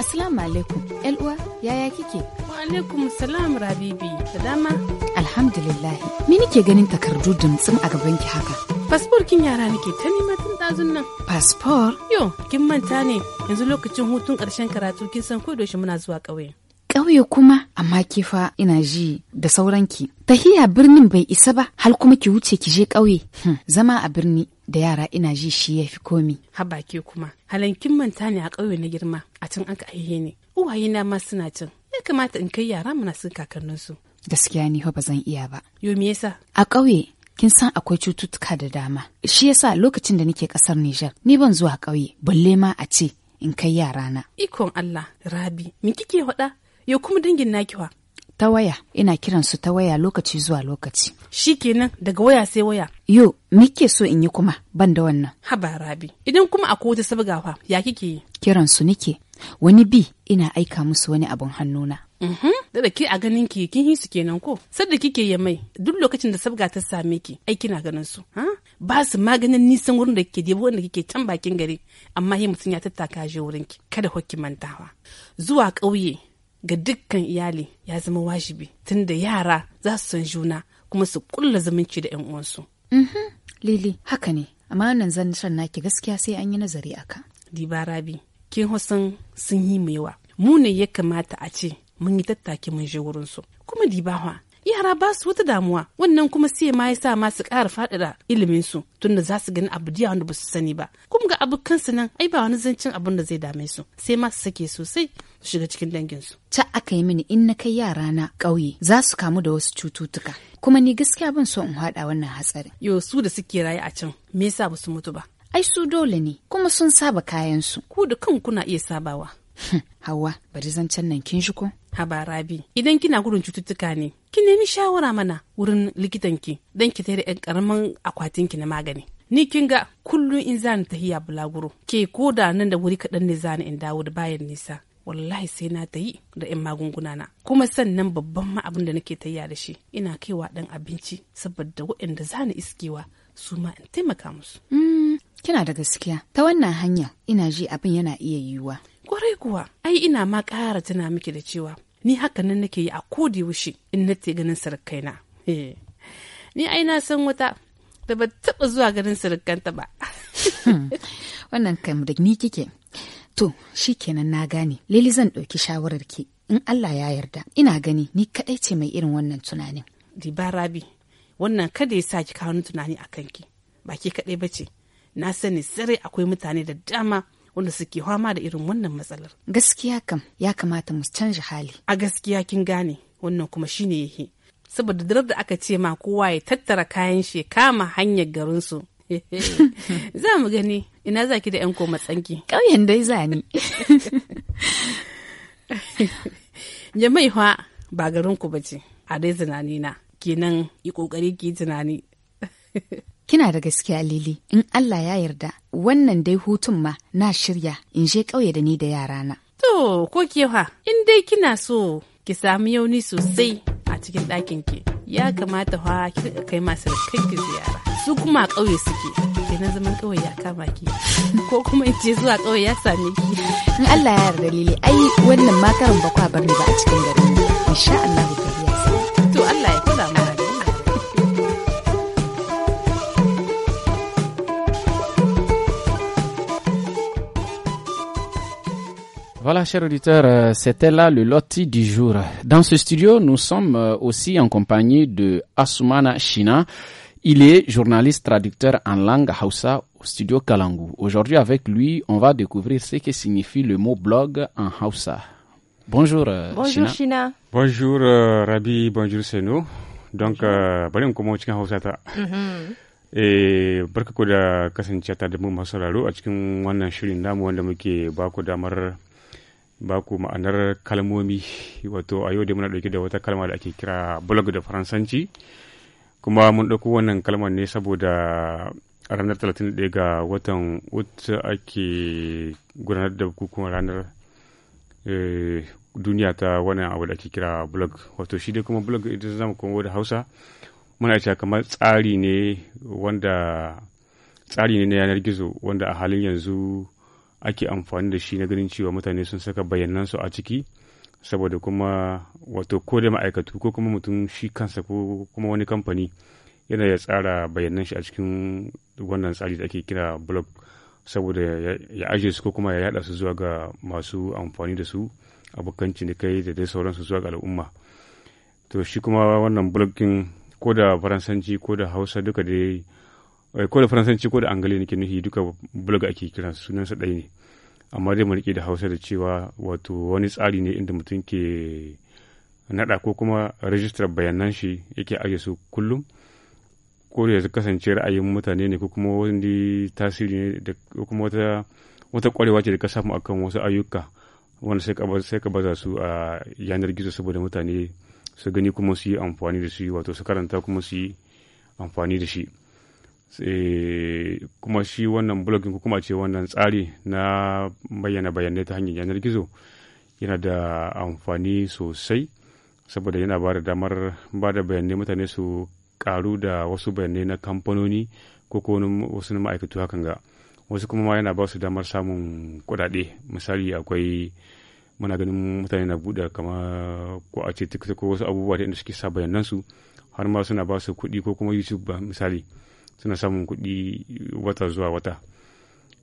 Assalamu alaikum, uwa yaya kike? Wa alaikum salam Rabibi, da dama. Alhamdulillah, me nike ganin takardu dumtsin a gabanki haka? fasfor kin yara nake ta neman tun ɗazun nan fasfor yo kin manta ne yanzu lokacin hutun ƙarshen karatu kin san ko yaushe muna zuwa ƙauye ƙauye kuma amma ke fa ina ji da sauranki tahiya birnin bai isa ba hal kuma ki wuce ki je ƙauye hm, zama a birni da yara ina ji shi ya fi komi haba ke kuma halin kin manta ne a ƙauye na girma a can aka aihe ne uwaye na ma suna cin ya kamata in kai yara muna sun kakanninsu gaskiya ni ba zan iya ba yo me yasa a ƙauye kin san akwai cututtuka da dama shi yasa lokacin da nake kasar Nijar ni ban zuwa ƙauye balle ma a ce in kai yara na ikon Allah Rabi min kike faɗa Yau kuma dangin nakiwa ta waya ina kiran su ta waya lokaci zuwa lokaci Shi shikenan daga waya sai waya yo me so in yi kuma ban da wannan haba Rabi idan kuma akwai wata sabgawa ya kike yi kiran su nike wani bi ina aika musu wani abun hannuna. Mhm. da ke a ganin ki kin su kenan ko da kike ya mai duk lokacin da sabga ta same ki ai kina ganin su ba su maganin nisan wurin da kike debo wanda kike can bakin gari amma yi mutum ya tattaka je wurin ki kada hokki mantawa zuwa ƙauye ga dukkan iyali ya zama wajibi tun da yara za su san juna kuma su kulla zumunci da 'yan uwansu. Mhm. Lili haka ne amma wannan zan shan naki gaskiya sai an yi nazari aka. Diba Rabi kin hosan sun yi mu yawa mu ne ya kamata a ce mun yi tattaki mun je wurin su kuma dibawa yara ba su wata damuwa wannan kuma sai ma ya sa ma su ƙara faɗaɗa ilimin su tunda za su gani abu diya wanda ba su sani ba kuma ga abu kansu nan ai ba wani zancen abun da zai dame su sai ma su sake sosai su shiga cikin dangin su ta aka yi mini in na kai yara na ƙauye za su kamu da wasu cututtuka kuma ni gaskiya ban so in haɗa wannan hatsarin. yo su da suke raye a can me yasa ba su mutu ba ai su dole ne kuma sun saba kayansu. Ku da kan kuna iya sabawa. Hm, Hawa, bari zancen nan kin shiko? Haba Rabi, idan kina gudun cututtuka ne, ki nemi shawara mana wurin likitanki don ki tare ɗan ƙaramin akwatinki na magani. Ni kin ga kullum in zani tahiya bulaguro, ke ko da nan da wuri kaɗan ne zani in dawo da bayan nisa. wallahi sai na ta yi da ƴan magunguna na kuma sannan babban ma abin da nake tayya da shi ina kaiwa ɗan abinci saboda waɗanda za ni iskewa su ma in taimaka musu. Hm, Kina da gaskiya, ta wannan hanya ina ji abin yana iya yiwuwa. Kwarai kuwa, ai ina ma ƙara tuna miki da cewa ni haka nan nake yi a kodi wushi in na te ganin sarakaina. Eh. Ni ai na san wata da ba taɓa zuwa ganin sarakanta ba. Hmm. Wannan kam da ni kike. To, shi kenan na gane, Lili zan ɗauki ki in Allah ya yarda, ina gani ni kaɗai ce mai irin wannan tunanin. Dibarabi, wannan kada ya sa ki kawo tunani a kanki, ba ke kaɗai ba ce. na sani sarai akwai mutane da dama wanda suke fama da irin wannan matsalar. Gaskiya kam ya kamata mu canza hali. A gaskiya kin gane wannan kuma shine yake. Saboda darar da aka ce ma kowa ya tattara kayan shi kama hanyar garin su. za mu gani ina zaki da 'yan koma tsanki. Ƙauyen dai za ni. Jamai fa ba ku ba ce a dai tunanina kenan yi ƙoƙari ki tunani. Kina da gaskiya Lili, in Allah ya yarda, wannan dai hutun ma na shirya in je ƙauye da ni da yarana. To, ko kewa, in dai kina so ki samu yauni sosai a cikin ɗakin ki, ya kamata fa ki kai masu ki ziyara. Su kuma a ƙauye suke, kenan zaman ƙauye ya kama ki, ko kuma in ce zuwa ƙauye ya same ki. In Allah ya yarda Lili, ai wannan makarin bakwa ni ba a cikin garin. Insha Allah ku Voilà, chers auditeurs, euh, c'était là le loti du jour. Dans ce studio, nous sommes euh, aussi en compagnie de Asumana Shina. Il est journaliste traducteur en langue Hausa au studio Kalangu. Aujourd'hui, avec lui, on va découvrir ce que signifie le mot blog en Hausa. Bonjour, euh, Bonjour, Shina. Bonjour, Rabi. Bonjour, Seno. Donc, bari mu komo cikin Hausa ta. Mhm. Barka ku da kasance ta da mu a wannan shirin namu un peu de damar ba ku ma'anar kalmomi wato a yau da muna ɗauke da wata kalma da ake kira blog da faransanci kuma mun ɗauko wannan kalmar ne saboda ranar 31 ga watan ut ake gudanar da bukukuwan ranar eh, duniya ta wannan abu da ake kira blog wato shi dai kuma blog idan zamu kuma da hausa muna cewa kamar tsari ne wanda tsari ne na yanar gizo wanda a halin yanzu ake amfani da shi na ganin cewa mutane sun saka bayanansu a ciki saboda kuma wato ko da ma'aikatu ko kuma mutum shi kansa ko kuma wani kamfani yana ya tsara bayanan shi a cikin wannan tsari da ake kira blog saboda ya ajiye su ko kuma ya yada su zuwa ga masu amfani da su abokan cinikai da dai sauransu zuwa ga al'umma to shi kuma wannan blog ko da faransanci ko da hausa duka dai Eh, ko da faransanci ko da angale ke nufi duka blog ake kira sunansa ɗaya ne amma dai mu da hausa da cewa wato wani tsari ne inda mutum ke naɗa ko kuma rajistar bayanan shi yake aje su kullum ko da ya kasance ra'ayin mutane ne ko kuma wani tasiri ne ko kuma wata wata kwarewa ce da ka samu akan wasu ayyuka wanda sai ka baza su a yanar gizo saboda mutane su gani kuma su yi amfani da shi wato su karanta kuma su yi amfani da shi Eh, kuma shi wannan blogin ko kuma ce wannan tsari na bayyana bayanai ta hanyar yanar gizo yana da amfani sosai saboda yana ba da damar ba da bayanai mutane su karu da wasu bayanai na kamfanoni ko kuma wasu na ma'aikatu hakan ga wasu kuma yana ba su damar samun kudade misali akwai muna ganin mutane na buɗe kama ko a ce tiktok ko wasu abubuwa da inda suke sa bayanansu har ma suna ba su kuɗi ko kuma youtube misali suna samun kuɗi wata zuwa wata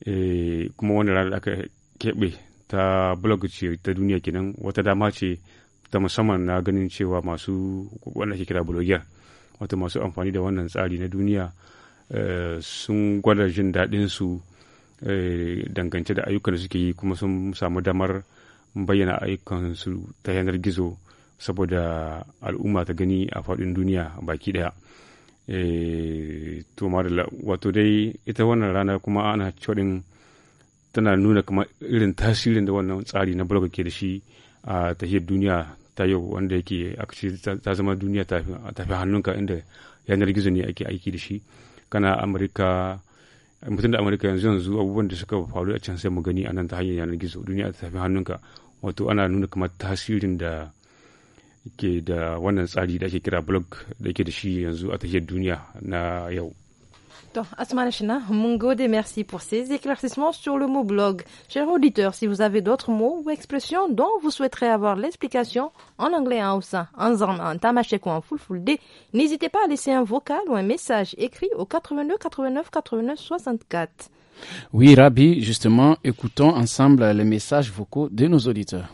eh, kuma wani rana da aka keɓe ta blog ce ta duniya kenan wata dama ce ta musamman na ganin cewa masu wanda ke kira blogger wata masu amfani da wannan tsari na duniya eh, sun gwada jin daɗinsu eh, dangance da ayyukan da suke yi kuma sun samu damar bayyana ayyukansu ta yanar gizo saboda al'umma ta gani a faɗin duniya baki ɗaya. Eh, to la wato dai ita wannan rana kuma ana cewa tana nuna kuma irin tasirin da wannan tsari na blog ke da shi a tahiyar duniya ta yau wanda yake akace ta zama duniya ta fi hannunka inda yanar gizo ne ake aiki da shi kana amurka mutum da amurka yanzu yanzu abubuwan da suka faru a can sai mu gani a nan ta hanyar yanar gizo duniya ta fi hannunka wato ana nuna kamar tasirin da ke da wannan tsari da ake kira blog da ke da shi yanzu a duniya na yau. Donc, Asma Mungo merci pour ces éclaircissements sur le mot blog. Chers auditeurs, si vous avez d'autres mots ou expressions dont vous souhaiterez avoir l'explication en anglais, en haussa, en zan, en tamashek ou en fulfulde, n'hésitez pas à laisser un vocal ou un message écrit au 82 89 89 64. Oui, Rabi, justement, écoutons ensemble les messages vocaux de nos auditeurs.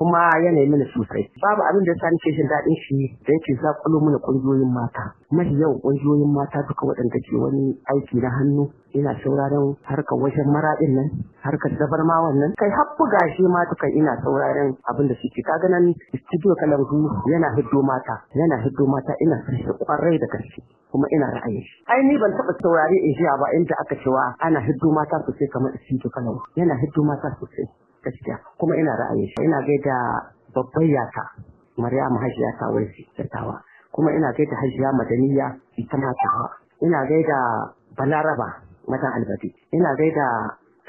kuma yanayi mini sosai babu abin da ya sani ke jin daɗin shi da yake zakulo mana ƙungiyoyin mata mafi yawan ƙungiyoyin mata duka waɗanda ke wani aiki na hannu ina sauraron harkar wajen maraɗin nan harkar dabar ma wannan kai har buga shi ma duka ina sauraron abin da suke kaga nan studio kalangu yana hiddo mata yana hiddo mata ina son shi kwarai da gaske kuma ina ra'ayin shi ai ni ban taɓa saurari in ba inda aka cewa ana hiddo mata sosai kamar studio kalangu yana hiddo mata sosai gaskiya kuma ina ra'ayin shi ina gaida babban yata Maryamu Hajiya Tawaisi dattawa kuma ina gaida Hajiya Madaniya ita ma tawa ina gaida Balaraba matan Albadi ina gaida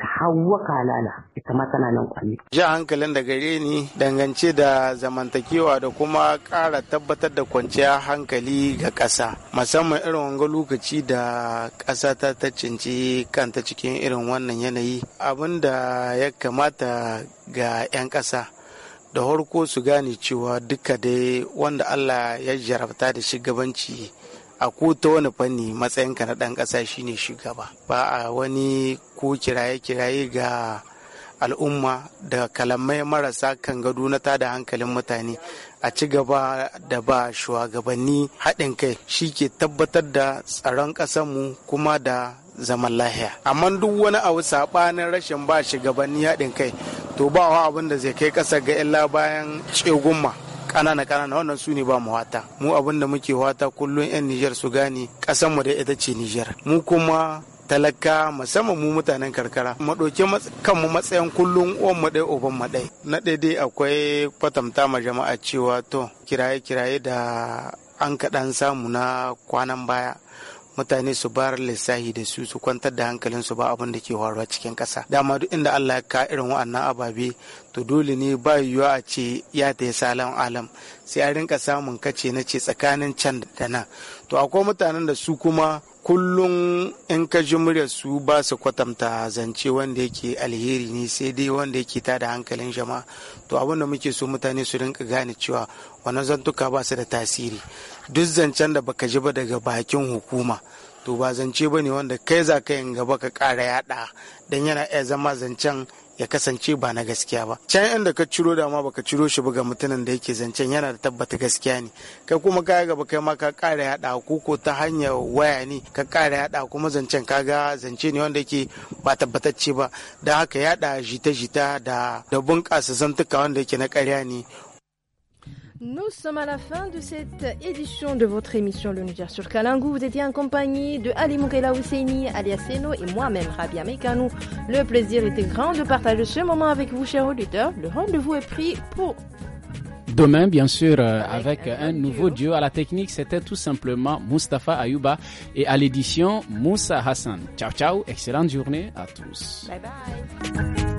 hawa kalala ita ma tana nan kwami. Ja hankalin da gare ni dangance da zamantakewa da kuma ƙara tabbatar da kwanciyar hankali ga ƙasa Masamman irin wanga lokaci da ƙasa ta ta cinci kanta cikin irin wannan yanayi abin da ya kamata ga 'yan ƙasa da harko su gane cewa duka dai wanda Allah ya jarabta da gabanci. a ko wani fanni matsayinka na ɗan ƙasa shine shugaba ba a wani ko kiraye-kiraye ga al'umma da kalamai marasa kan gado na tada hankalin mutane a ci gaba da ba shugabanni haɗin kai shi ke tabbatar da tsaron ƙasanmu kuma da zaman lahiya amma duk wani abu saɓanin rashin ba shugabanni haɗin kai to ba abin da zai kai ƙasa ga illa bayan tsegumma kanana kanana wannan su ne ba mu wata mu abin da muke wata kullum yan Nijar su gane kasan mu da ita ce Nijar mu kuma talaka musamman mu mutanen karkara mu ɗauki kanmu matsayin kullum uwan mu dai uban mu dai na daidai akwai fatamta ma jama'a cewa to kiraye kiraye da an kaɗan samu na kwanan baya mutane su bar lissahi da su su kwantar da hankalin su ba abin da ke faruwa cikin kasa dama duk inda Allah ya ka irin wa'annan ababe to dole ne ba yiwuwa a ce ya ta yi salam alam sai a rinka samun kace na ce tsakanin can da nan to akwai mutanen da su kuma kullum in ka ji su ba su kwatanta zance wanda yake alheri ne sai dai wanda yake da hankalin jama'a to abin da muke so mutane su rinka gane cewa wannan zantuka ba su da tasiri duk zancen da baka ji ba daga bakin hukuma to ba zance ba ne wanda kai za ka yin gaba ka ƙara yaɗa don yana iya zama zancen ya kasance ba na gaskiya ba can inda ka ciro da baka ciro shi ba ga mutumin da yake zancen yana da tabbata gaskiya ne kai kuma ka gaba kai ma ka ƙara yaɗa ko ko ta hanyar waya ne ka ƙara yada kuma zancen ga zance ne wanda yake ba tabbatacce ba don haka yaɗa jita-jita da da bunƙasa zantuka wanda yake na ƙarya ne Nous sommes à la fin de cette édition de votre émission Le Niger sur Kalangu. Vous étiez en compagnie de Ali Moukela Ousseini, alias Seno et moi-même Rabia Mekanou. Le plaisir était grand de partager ce moment avec vous, chers auditeurs. Le rendez-vous est pris pour Demain, bien sûr, euh, avec, un, nouveau dieu à la technique, c'était tout simplement Mustapha Ayuba et à l'édition Moussa Hassan. Ciao, ciao, excellente journée à tous. Bye bye.